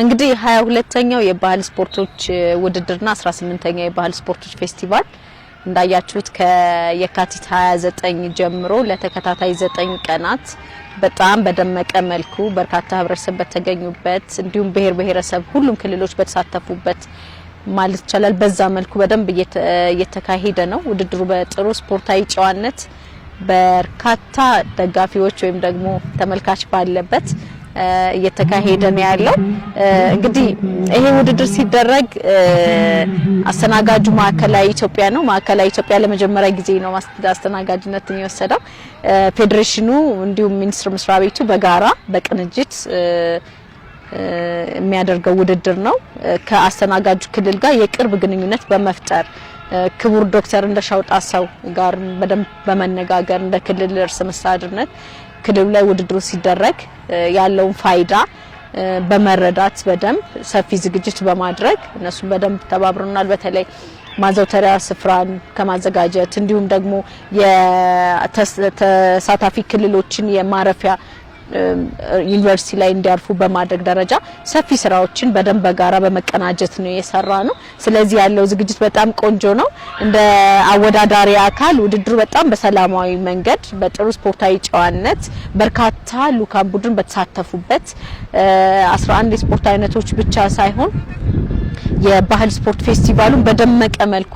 እንግዲህ ሀያ ሁለተኛው የባህል ስፖርቶች ውድድርና አስራ ስምንተኛው የባህል ስፖርቶች ፌስቲቫል እንዳያችሁት ከየካቲት 29 ጀምሮ ለተከታታይ 9 ቀናት በጣም በደመቀ መልኩ በርካታ ህብረተሰብ በተገኙበት እንዲሁም ብሔር ብሔረሰብ ሁሉም ክልሎች በተሳተፉበት ማለት ይቻላል በዛ መልኩ በደንብ እየተካሄደ ነው። ውድድሩ በጥሩ ስፖርታዊ ጨዋነት በርካታ ደጋፊዎች ወይም ደግሞ ተመልካች ባለበት እየተካሄደ ነው ያለው። እንግዲህ ይሄ ውድድር ሲደረግ አስተናጋጁ ማዕከላዊ ኢትዮጵያ ነው። ማዕከላዊ ኢትዮጵያ ለመጀመሪያ ጊዜ ነው አስተናጋጅነትን የወሰደው። ፌዴሬሽኑ እንዲሁም ሚኒስቴር መስሪያ ቤቱ በጋራ በቅንጅት የሚያደርገው ውድድር ነው። ከአስተናጋጁ ክልል ጋር የቅርብ ግንኙነት በመፍጠር ክቡር ዶክተር እንደሻው ጣሰው ጋር በደንብ በመነጋገር እንደ ክልል እርስ መስተዳድርነት ክልሉ ላይ ውድድሩ ሲደረግ ያለውን ፋይዳ በመረዳት በደንብ ሰፊ ዝግጅት በማድረግ እነሱም በደንብ ተባብረናል። በተለይ ማዘውተሪያ ስፍራን ከማዘጋጀት እንዲሁም ደግሞ የተሳታፊ ክልሎችን የማረፊያ ዩኒቨርሲቲ ላይ እንዲያርፉ በማድረግ ደረጃ ሰፊ ስራዎችን በደንብ በጋራ በመቀናጀት ነው የሰራ ነው። ስለዚህ ያለው ዝግጅት በጣም ቆንጆ ነው። እንደ አወዳዳሪ አካል ውድድሩ በጣም በሰላማዊ መንገድ በጥሩ ስፖርታዊ ጨዋነት በርካታ ሉካ ቡድን በተሳተፉበት 11 የስፖርት አይነቶች ብቻ ሳይሆን የባህል ስፖርት ፌስቲቫሉን በደመቀ መልኩ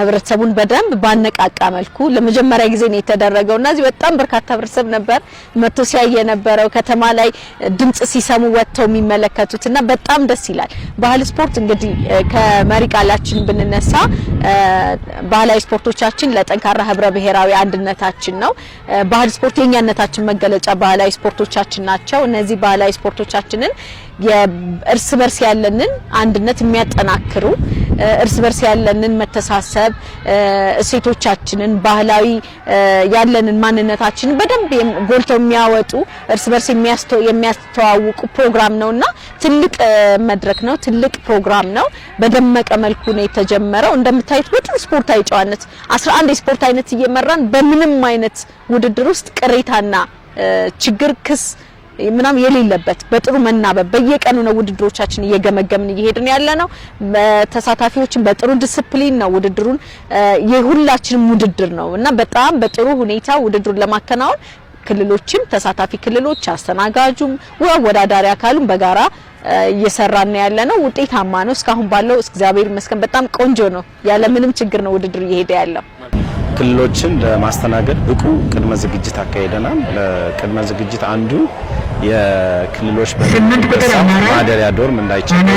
ህብረተሰቡን በደንብ ባነቃቃ መልኩ ለመጀመሪያ ጊዜ ነው የተደረገው እና እዚህ በጣም በርካታ ህብረተሰብ ነበር መጥቶ ሲያይ የነበረው ከተማ ላይ ድምጽ ሲሰሙ ወጥተው የሚመለከቱት እና በጣም ደስ ይላል። ባህል ስፖርት እንግዲህ ከመሪ ቃላችን ብንነሳ ባህላዊ ስፖርቶቻችን ለጠንካራ ህብረ ብሔራዊ አንድነታችን ነው። ባህል ስፖርት የኛነታችን መገለጫ ባህላዊ ስፖርቶቻችን ናቸው። እነዚህ ባህላዊ ስፖርቶቻችንን እርስ በርስ ያለንን አንድነት የሚያጠናክሩ እርስ በርስ ያለንን መተሳሰብ እሴቶቻችንን፣ ባህላዊ ያለንን ማንነታችንን በደንብ ጎልተው የሚያወጡ እርስ በርስ የሚያስተዋውቁ ፕሮግራም እና ትልቅ መድረክ ነው፣ ትልቅ ፕሮግራም ነው። በደመቀ መልኩ ነው የተጀመረው። እንደምታዩት በጣም ስፖርታዊ ጨዋነት 11 የስፖርት አይነት እየመራን በምንም አይነት ውድድር ውስጥ ቅሬታና ችግር ክስ ምናም የሌለበት በጥሩ መናበብ በየቀኑ ነው ውድድሮቻችን እየገመገምን እየሄድን ያለ ነው። ተሳታፊዎችን በጥሩ ዲስፕሊን ነው ውድድሩን የሁላችንም ውድድር ነው እና በጣም በጥሩ ሁኔታ ውድድሩን ለማከናወን ክልሎችም ተሳታፊ ክልሎች አስተናጋጁም ወዳዳሪ አካሉም በጋራ እየሰራን ያለ ነው። ውጤታማ ነው። እስካሁን ባለው እግዚአብሔር ይመስገን በጣም ቆንጆ ነው። ያለ ምንም ችግር ነው ውድድሩ እየሄደ ያለው። ክልሎችን ለማስተናገድ ብቁ ቅድመ ዝግጅት አካሄደናል። ለቅድመ ዝግጅት አንዱ የክልሎች ማደሪያ ዶርም እንዳይቸገር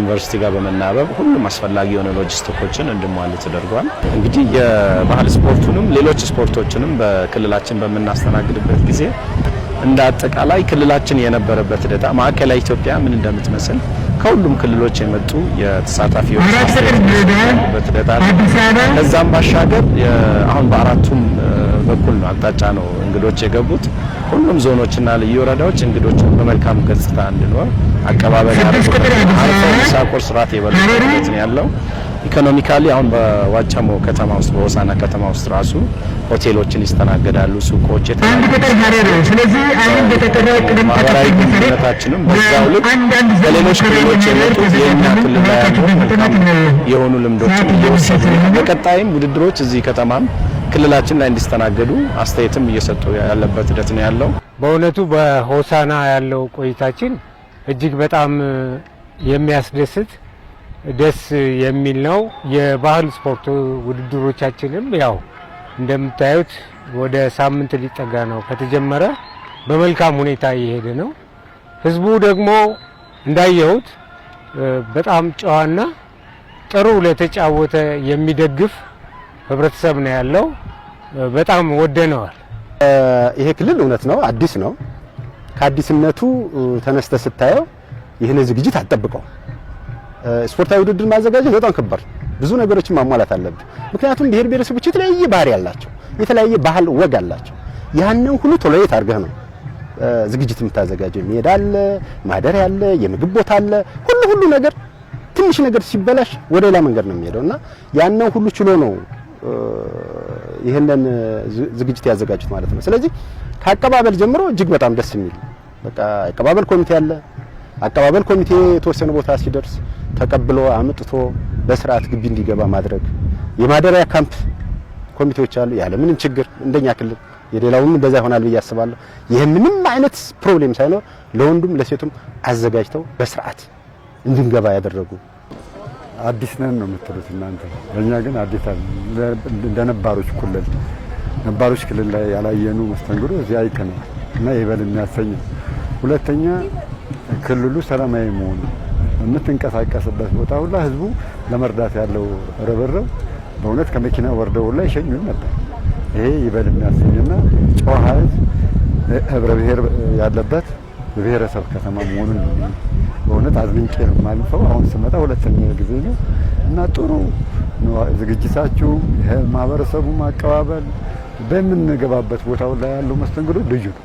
ዩኒቨርሲቲ ጋር በመናበብ ሁሉም አስፈላጊ የሆነ ሎጂስቲኮችን እንድሟል ተደርጓል። እንግዲህ የባህል ስፖርቱንም ሌሎች ስፖርቶችንም በክልላችን በምናስተናግድበት ጊዜ እንደ አጠቃላይ ክልላችን የነበረበት ሂደታ ማዕከላዊ ኢትዮጵያ ምን እንደምትመስል ከሁሉም ክልሎች የመጡ የተሳታፊዎች ከዛም ባሻገር አሁን በአራቱም በኩል ነው አቅጣጫ ነው እንግዶች የገቡት። ሁሉም ዞኖችና ልዩ ወረዳዎች እንግዶችን በመልካም ገጽታ እንድኖር አቀባበል ያደርጉ ሳቆር ስርዓት የበለ ነው ያለው ኢኮኖሚካሊ አሁን በዋቸሞ ከተማ ውስጥ በወሳና ከተማ ውስጥ ራሱ ሆቴሎችን ይስተናገዳሉ፣ ሱቆች የተለያዩነታችንም በዛው ልክ ከሌሎች ክልሎች የመጡት የእኛ ክልል የሆኑ ልምዶችን እየወሰዱ በቀጣይም ውድድሮች እዚህ ከተማም ክልላችን ላይ እንዲስተናገዱ አስተያየትም እየሰጡ ያለበት ሂደት ነው ያለው። በእውነቱ በሆሳና ያለው ቆይታችን እጅግ በጣም የሚያስደስት ደስ የሚል ነው። የባህል ስፖርት ውድድሮቻችንም ያው እንደምታዩት ወደ ሳምንት ሊጠጋ ነው ከተጀመረ በመልካም ሁኔታ እየሄደ ነው። ህዝቡ ደግሞ እንዳየሁት በጣም ጨዋና ጥሩ ለተጫወተ የሚደግፍ ህብረተሰብ ነው ያለው። በጣም ወደነዋል። ይሄ ክልል እውነት ነው፣ አዲስ ነው። ከአዲስነቱ ተነስተ ስታየው ይህን ዝግጅት አትጠብቀው ስፖርታዊ ውድድር ማዘጋጀት በጣም ከባድ ብዙ ነገሮችን ማሟላት አለብን። ምክንያቱም ብሔር ብሔረሰቦች የተለያየ ባህሪ ያላቸው የተለያየ ባህል ወግ አላቸው። ያንን ሁሉ ቶሎሬት አድርገህ ነው ዝግጅት የምታዘጋጀው። ሜዳ አለ፣ ማደሪያ አለ፣ የምግብ ቦታ አለ፣ ሁሉ ሁሉ ነገር ትንሽ ነገር ሲበላሽ ወደ ሌላ መንገድ ነው የሚሄደው እና ያንን ሁሉ ችሎ ነው ይህንን ዝግጅት ያዘጋጁት ማለት ነው። ስለዚህ ከአቀባበል ጀምሮ እጅግ በጣም ደስ የሚል በቃ አቀባበል ኮሚቴ አለ። አቀባበል ኮሚቴ የተወሰነ ቦታ ሲደርስ ተቀብሎ አምጥቶ በስርዓት ግቢ እንዲገባ ማድረግ። የማደሪያ ካምፕ ኮሚቴዎች አሉ ያለ ምንም ችግር እንደኛ ክልል የሌላውም እንደዛ ይሆናል ብዬ አስባለሁ። ይህ ምንም አይነት ፕሮብሌም ሳይኖር ለወንዱም ለሴቱም አዘጋጅተው በስርዓት እንድንገባ ያደረጉ አዲስ ነን ነው የምትሉት እናንተ። ለእኛ ግን አዲስ እንደ ነባሮች ክልል ነባሮች ክልል ላይ ያላየኑ መስተንግዶ እዚህ አይተናል እና ይበል የሚያሰኝ ሁለተኛ ክልሉ ሰላማዊ መሆኑ የምትንቀሳቀስበት ቦታ ሁላ ህዝቡ ለመርዳት ያለው ርብርብ በእውነት ከመኪና ወርደው ላይ ይሸኙን ነበር። ይሄ ይበል የሚያሰኝና ጨዋ ህዝብ ህብረ ብሔር ያለበት የብሔረሰብ ከተማ መሆኑን በእውነት አዝንቄ ነው የማልፈው። አሁን ስመጣ ሁለተኛ ጊዜ ነው እና ጥሩ ዝግጅታችሁ፣ ማህበረሰቡ አቀባበል፣ በምንገባበት ቦታው ላይ ያለው መስተንግዶ ልዩ ነው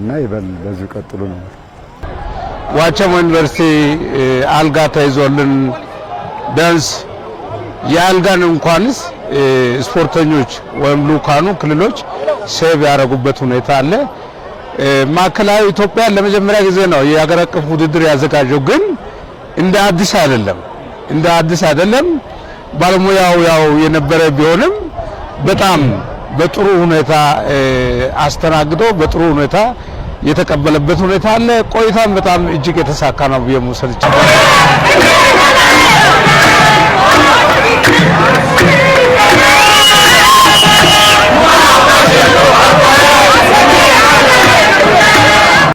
እና ይበል በዚሁ ቀጥሉ ነው። ዋቸሞ ዩኒቨርሲቲ አልጋ ተይዞልን ቢያንስ የአልጋን እንኳንስ ስፖርተኞች ወይም ልኡካኑ ክልሎች ሴብ ያደረጉበት ሁኔታ አለ። ማዕከላዊ ኢትዮጵያ ለመጀመሪያ ጊዜ ነው የሀገር አቀፍ ውድድር ያዘጋጀው። ግን እንደ አዲስ አይደለም፣ እንደ አዲስ አይደለም። ባለሙያው ያው የነበረ ቢሆንም በጣም በጥሩ ሁኔታ አስተናግዶ በጥሩ ሁኔታ የተቀበለበት ሁኔታ አለ። ቆይታም በጣም እጅግ የተሳካ ነው ብዬ መውሰድ ይቻላል። Yeah.